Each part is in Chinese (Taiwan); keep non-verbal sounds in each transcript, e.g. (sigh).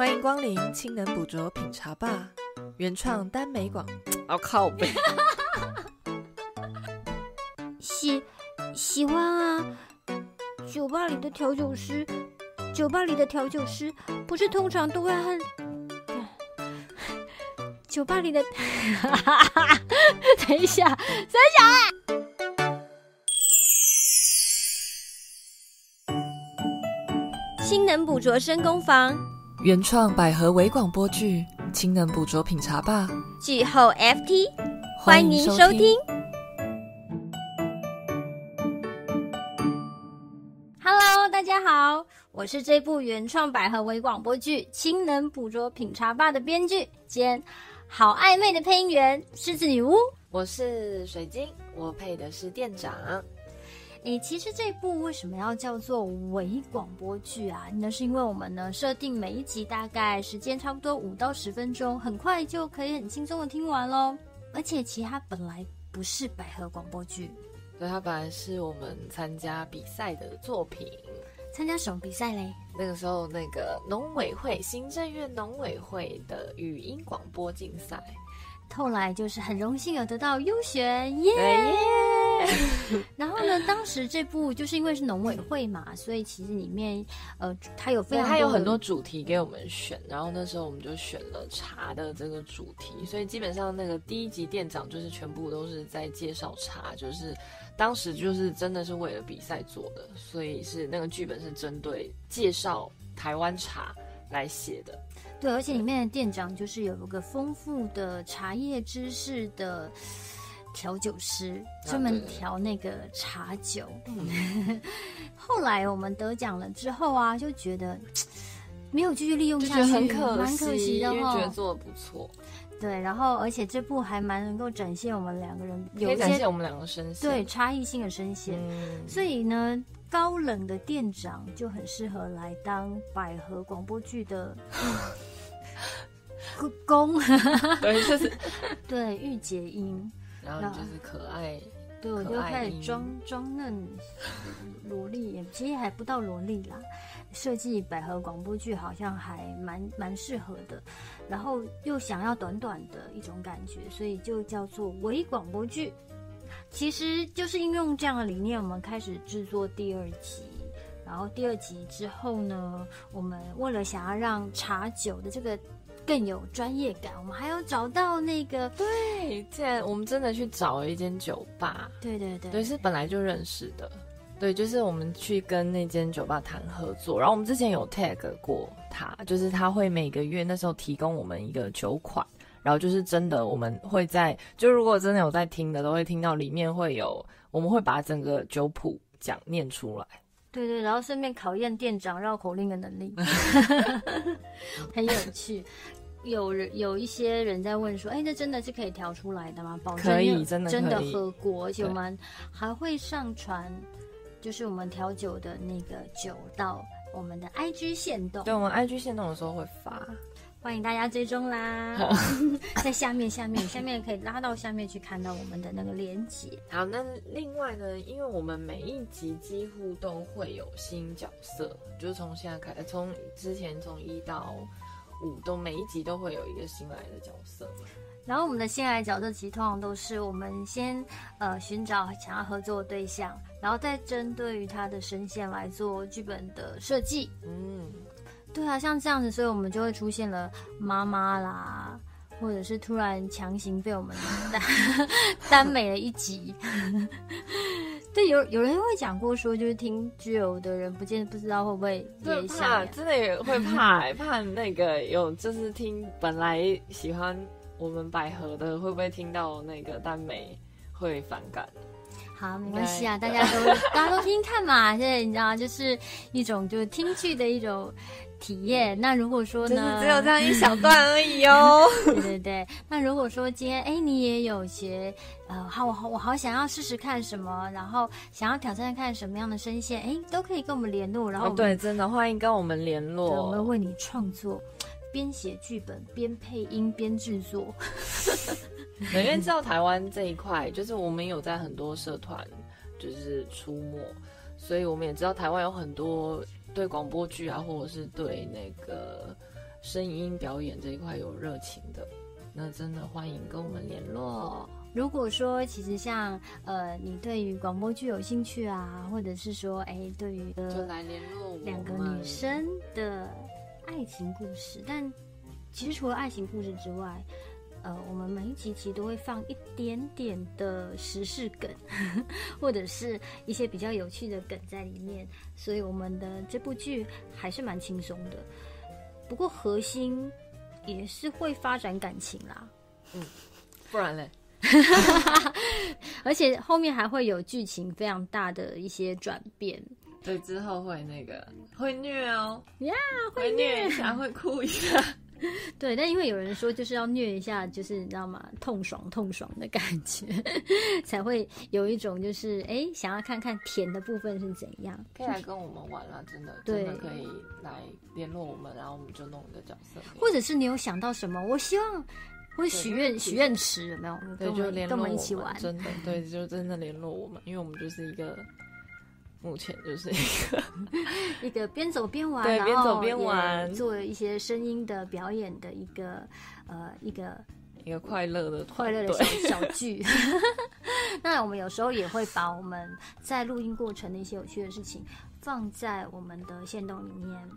歡迎光臨親能補拙品茶吧，原創耽美廣。我、哦、靠！喜喜歡啊！酒吧裡的調酒師，酒吧裡的調酒師不是通常都會和酒吧裡的呵呵？等一下，三小愛，親能補拙聲工坊。原創百合微廣播劇《親能補拙品茶 Bar》劇後 FT，歡迎，歡迎收聽。Hello，大家好，我是這部原創百合微廣播劇《親能補拙品茶 Bar》的編劇兼郝艾媚的配音員獅子女巫。我是水晶，我配的是店長。哎、欸，其實這部為什麼要叫做微廣播劇啊？那是因為我們呢，設定每一集大概時間差不多五到十分鐘，很快就可以很輕鬆的聽完嘍。而且，其他本來不是百合廣播劇，對，它本來是我們參加比賽的作品。參加什麼比賽嘞？那個時候那個農委會、行政院農委會的語音廣播競賽，後來就是很榮幸有得到優選耶。Yeah! Yeah! (laughs) (laughs) 然後呢，當時這部就是因為是農委會嘛、嗯，所以其實裡面呃，它有非常它有很多主題給我們選。然後那時候我們就選了茶的這個主題，所以基本上那個第一集店長就是全部都是在介紹茶，就是當時就是真的是為了比賽做的，所以是那個劇本是針對介紹台灣茶來寫的。對，而且裡面的店長就是有一個豐富的茶葉知識的。調酒師專門調那個茶酒。啊、對對對 (laughs) 後來我們得獎了之後啊，就覺得沒有繼續利用下去，很可惜。然後、哦、覺得做得不錯，對。然後而且這部還蠻能夠展現我們兩個人現兩個有一些我們兩個聲線對差異性的聲線、嗯，所以呢，高冷的店長就很適合來當百合廣播劇的攻， (laughs) (laughs) 對，就是、 (laughs) 對御姐音。然後你就是可愛，對，我就開始裝裝嫩蘿莉，也其實還不到蘿莉啦。設計百合廣播劇好像還蠻蠻適合的，然後又想要短短的一種感覺，所以就叫做微廣播劇。其實就是應用這樣的理念，我們開始制作第二集。然後第二集之後呢，我們為了想要讓茶酒的這個。更有專業感。我們還有找到那個，對，現在我們真的去找了一間酒吧。對對對，對是本來就認識的。對，就是我們去跟那間酒吧談合作。然後我們之前有 tag 過他，就是他會每個月那時候提供我們一個酒款。然後就是真的，我們會在就如果真的有在聽的，都會聽到裡面會有，我們會把整個酒譜講念出來。對對，對，然後順便考驗店長繞口令的能力， (laughs) (laughs) 很有趣。 (laughs) 有人有一些人在問說，哎、欸，那真的是可以調出來的嗎？保可以，真的真的喝過，而且我們還會上傳，就是我們調酒的那個酒到我們的 IG 限動。對，我們 IG 限動的時候會發，歡迎大家追蹤啦，好 (laughs) 在下面下面下面可以拉到下面去看到我們的那個鏈接。好，那另外呢，因為我們每一集幾乎都會有新角色，就是從現在開始，從之前從一到。都每一集都會有一個新來的角色嘛，然後我們的新來的角色其實通常都是我們先呃尋找想要合作的對象，然後再針對於他的聲線來做劇本的設計。嗯，對啊，像這樣子，所以我們就會出現了媽媽啦，或者是突然強行被我們耽 (laughs) (laughs) 美了一集。 (laughs) 對，有有人會講過說，就是聽，有的人不見不知道會不會，對，怕真的也會怕、欸， (laughs) 怕那個有就是聽本來喜歡我們百合的，會不會聽到那個耽美會反感？好，沒關係啊，大家都大家都聽，聽看嘛，現 (laughs) 在你知道就是一種就是聽劇的一種體驗。 (laughs) 那如果說呢，就是、只有這樣一小段而已哦。 (laughs) 對對對，那如果說今天哎、欸，你也有些呃，好我好我好想要試試看什麼，然後想要挑戰看什麼樣的聲線，哎、欸，都可以跟我們聯絡。然後、欸、對，真的歡迎跟我們聯絡，我們為你創作、邊寫劇本、邊配音邊製作。 (laughs) (laughs) 因為知道台灣這一塊，就是我們有在很多社團就是出沒，所以我們也知道台灣有很多對廣播劇啊，或者是對那個聲音表演這一塊有熱情的，那真的歡迎跟我們聯絡、哦。如果說其實像呃，你對於廣播劇有興趣啊，或者是說哎、欸，對於就來聯絡我們兩個女生的愛情故事，但其實除了愛情故事之外。呃，我們每一集其實都會放一點點的時事梗，或者是一些比較有趣的梗在裡面，所以我們的這部劇還是蠻輕鬆的。不過核心也是會發展感情啦，嗯，不然嘞， (laughs) 而且後面還會有劇情非常大的一些轉變，對，之後會那個會虐哦，Yeah，會虐一下，會哭一下。 (laughs) 對，但因為有人說就是要虐一下，就是你知道嗎？痛爽痛爽的感覺， (laughs) 才會有一種就是哎、欸，想要看看甜的部分是怎樣。可以來跟我們玩了、啊，真的對，真的可以來聯絡我們，然後我們就弄一個角色，或者是你有想到什麼？我希望會，我許願許願池有沒有？對，就聯絡我們，跟我們一起玩，真的，對，就真的聯絡我們，因為我們就是一個。目前就是一個 (laughs) 一個邊走邊玩，對，邊走邊玩，做一些聲音的表演的一個邊邊，呃、一個一個快樂的快樂的小小劇。 (laughs) (laughs) 那我們有時候也會把我們在錄音過程的一些有趣的事情放在我們的限動裡面。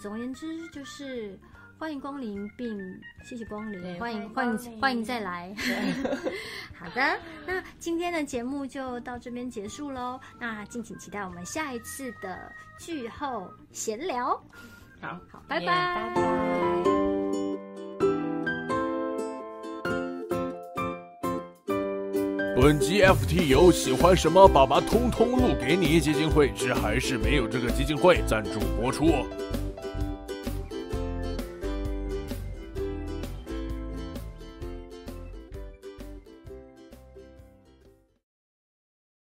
總而言之就是。歡迎光臨，並謝謝光臨，歡迎歡迎歡迎，歡迎再來。 (laughs) 好的，那今天的節目就到這邊結束嘍，那敬請期待我們下一次的劇後閒聊。好好，好，拜拜，拜拜。本集 FT 有喜歡什麼，爸爸通通錄給你。基金會是還是沒有這個基金會贊助播出。